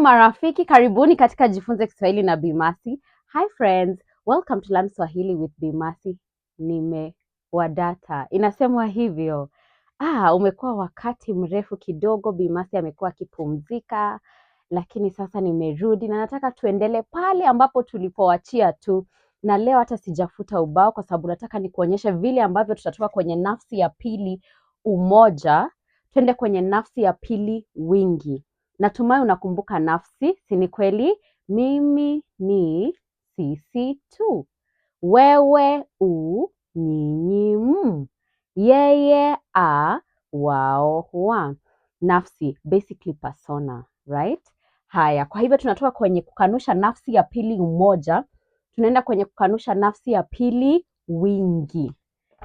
Marafiki, karibuni katika Jifunze Kiswahili na Bi Mercy. Hi friends, welcome to Learn Swahili with Bi Mercy. Nimewadata, inasemwa hivyo. Ah, umekuwa wakati mrefu kidogo, Bi Mercy amekuwa akipumzika, lakini sasa nimerudi na nataka tuendele pale ambapo tulipoachia tu, na leo hata sijafuta ubao kwa sababu nataka nikuonyeshe vile ambavyo tutatoka kwenye nafsi ya pili umoja, tuende kwenye nafsi ya pili wingi Natumai unakumbuka nafsi, si ni kweli? Mimi ni, sisi tu, wewe u, nyinyi m, mm. yeye a, wao wa. Nafsi basically persona, right? Haya, kwa hivyo tunatoka kwenye kukanusha nafsi ya pili umoja, tunaenda kwenye kukanusha nafsi ya pili wingi.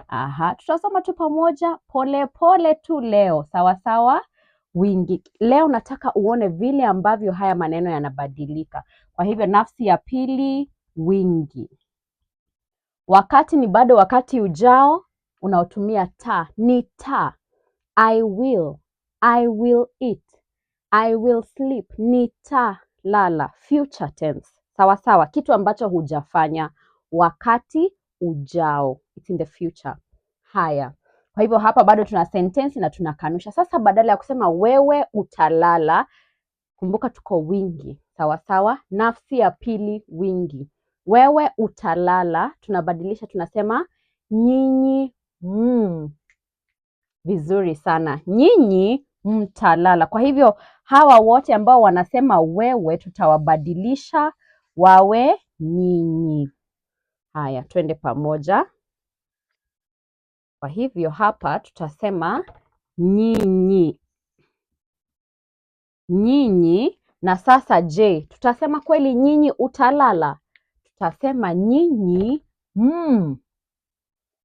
Aha, tutasoma tu pamoja pole pole tu leo, sawa sawa? wingi. Leo nataka uone vile ambavyo haya maneno yanabadilika. Kwa hivyo nafsi ya pili wingi. Wakati ni bado wakati ujao unaotumia ta, ni ta. I will, I will eat, I will sleep, ni ta lala, future tense. Sawa sawa, kitu ambacho hujafanya wakati ujao, it's in the future. Haya. Kwa hivyo hapa bado tuna sentensi na tunakanusha. Sasa badala ya kusema wewe utalala, kumbuka tuko wingi, sawa sawa. Nafsi ya pili wingi, wewe utalala, tunabadilisha tunasema nyinyi mm. Vizuri sana, nyinyi mtalala. Kwa hivyo hawa wote ambao wanasema wewe tutawabadilisha wawe nyinyi. Haya, twende pamoja. Kwa hivyo hapa tutasema nyinyi, nyinyi. Na sasa je, tutasema kweli nyinyi utalala? Tutasema nyinyi mm.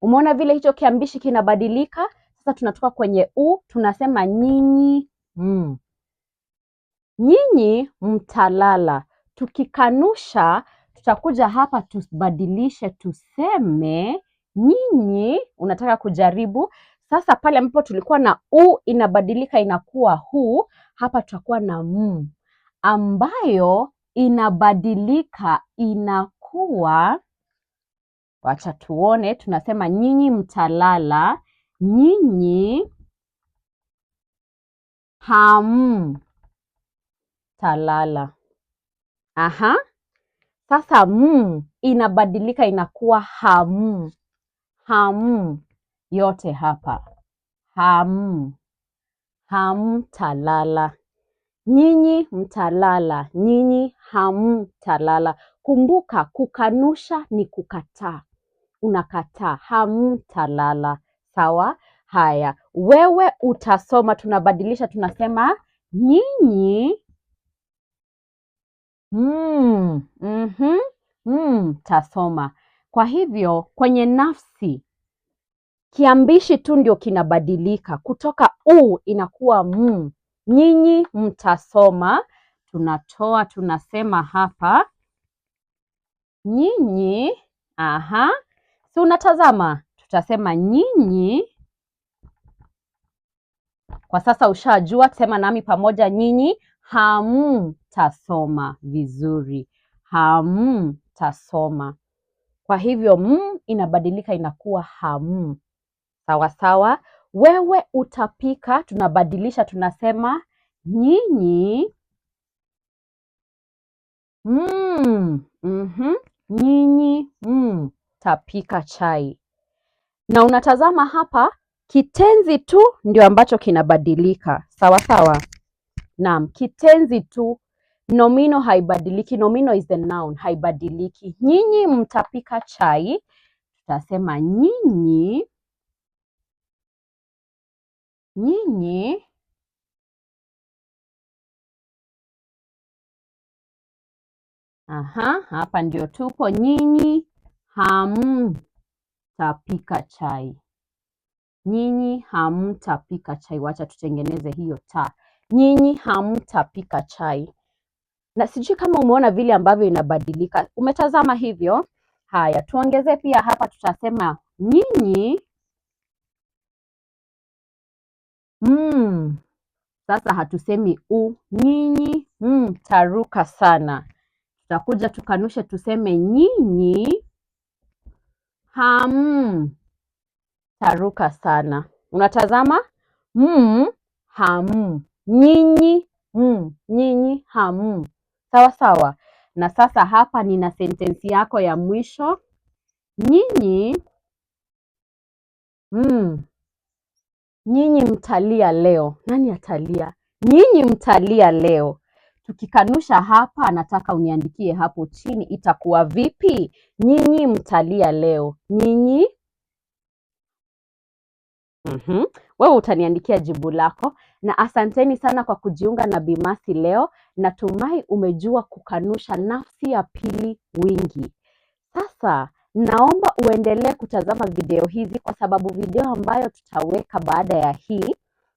Umeona vile hicho kiambishi kinabadilika sasa, tunatoka kwenye u tunasema nyinyi mm. Nyinyi mtalala. Tukikanusha tutakuja hapa tubadilishe, tuseme nyinyi unataka kujaribu. Sasa pale ambapo tulikuwa na u inabadilika inakuwa huu, hapa tutakuwa na m ambayo inabadilika inakuwa, wacha tuone, tunasema nyinyi mtalala, nyinyi hamtalala. Aha, sasa m inabadilika inakuwa hamu ham, yote hapa ham, hamtalala, nyinyi mtalala, nyinyi hamtalala. Kumbuka, kukanusha ni kukataa, unakataa. Hamtalala, sawa? Haya, wewe utasoma. Tunabadilisha, tunasema nyinyi mm, mm-hmm, mm, tasoma kwa hivyo kwenye nafsi kiambishi tu ndio kinabadilika kutoka u inakuwa m. Nyinyi mtasoma, tunatoa tunasema hapa nyinyi. Aha, si unatazama, tutasema nyinyi. Kwa sasa ushajua, sema nami pamoja, nyinyi hamtasoma vizuri, hamtasoma. Kwa hivyo m mm, inabadilika inakuwa ham. Sawa sawa. Wewe utapika, tunabadilisha tunasema nyinyi mm. Mm-hmm. mm -hmm. Nyinyi mtapika mm. chai. Na unatazama hapa kitenzi tu ndio ambacho kinabadilika. Sawa sawa. Naam, kitenzi tu Nomino haibadiliki. Nomino is the noun, haibadiliki. Nyinyi mtapika chai, tutasema nyinyi, nyinyi Aha, hapa ndio tupo. Nyinyi hamtapika chai, nyinyi hamtapika chai. Wacha tutengeneze hiyo ta. Nyinyi hamtapika chai na sijui kama umeona vile ambavyo inabadilika, umetazama hivyo. Haya, tuongeze pia hapa, tutasema nyinyi mm. Sasa hatusemi u, nyinyi mm, taruka sana. Tutakuja tukanushe, tuseme nyinyi ham taruka sana. Unatazama mm, ham nyinyi mm, nyinyi ham Sawa sawa. Na sasa hapa nina sentensi yako ya mwisho, nyinyi mm, nyinyi mtalia leo. Nani atalia? Nyinyi mtalia leo. Tukikanusha hapa, nataka uniandikie hapo chini, itakuwa vipi? Nyinyi mtalia leo. Nyinyi Mm-hmm. Wewe utaniandikia jibu lako na asanteni sana kwa kujiunga na Bimasi leo. Natumai umejua kukanusha nafsi ya pili wingi. Sasa naomba uendelee kutazama video hizi kwa sababu video ambayo tutaweka baada ya hii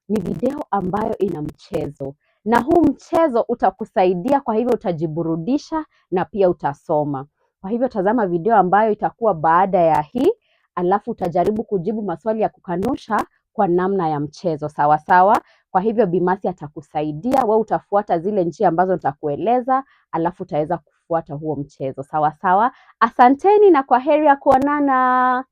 ni video ambayo ina mchezo. Na huu mchezo utakusaidia kwa hivyo utajiburudisha na pia utasoma. Kwa hivyo tazama video ambayo itakuwa baada ya hii alafu utajaribu kujibu maswali ya kukanusha kwa namna ya mchezo sawa sawa. Kwa hivyo Bimasi atakusaidia, we utafuata zile njia ambazo nitakueleza, alafu utaweza kufuata huo mchezo sawa sawa. Asanteni na kwa heri ya kuonana.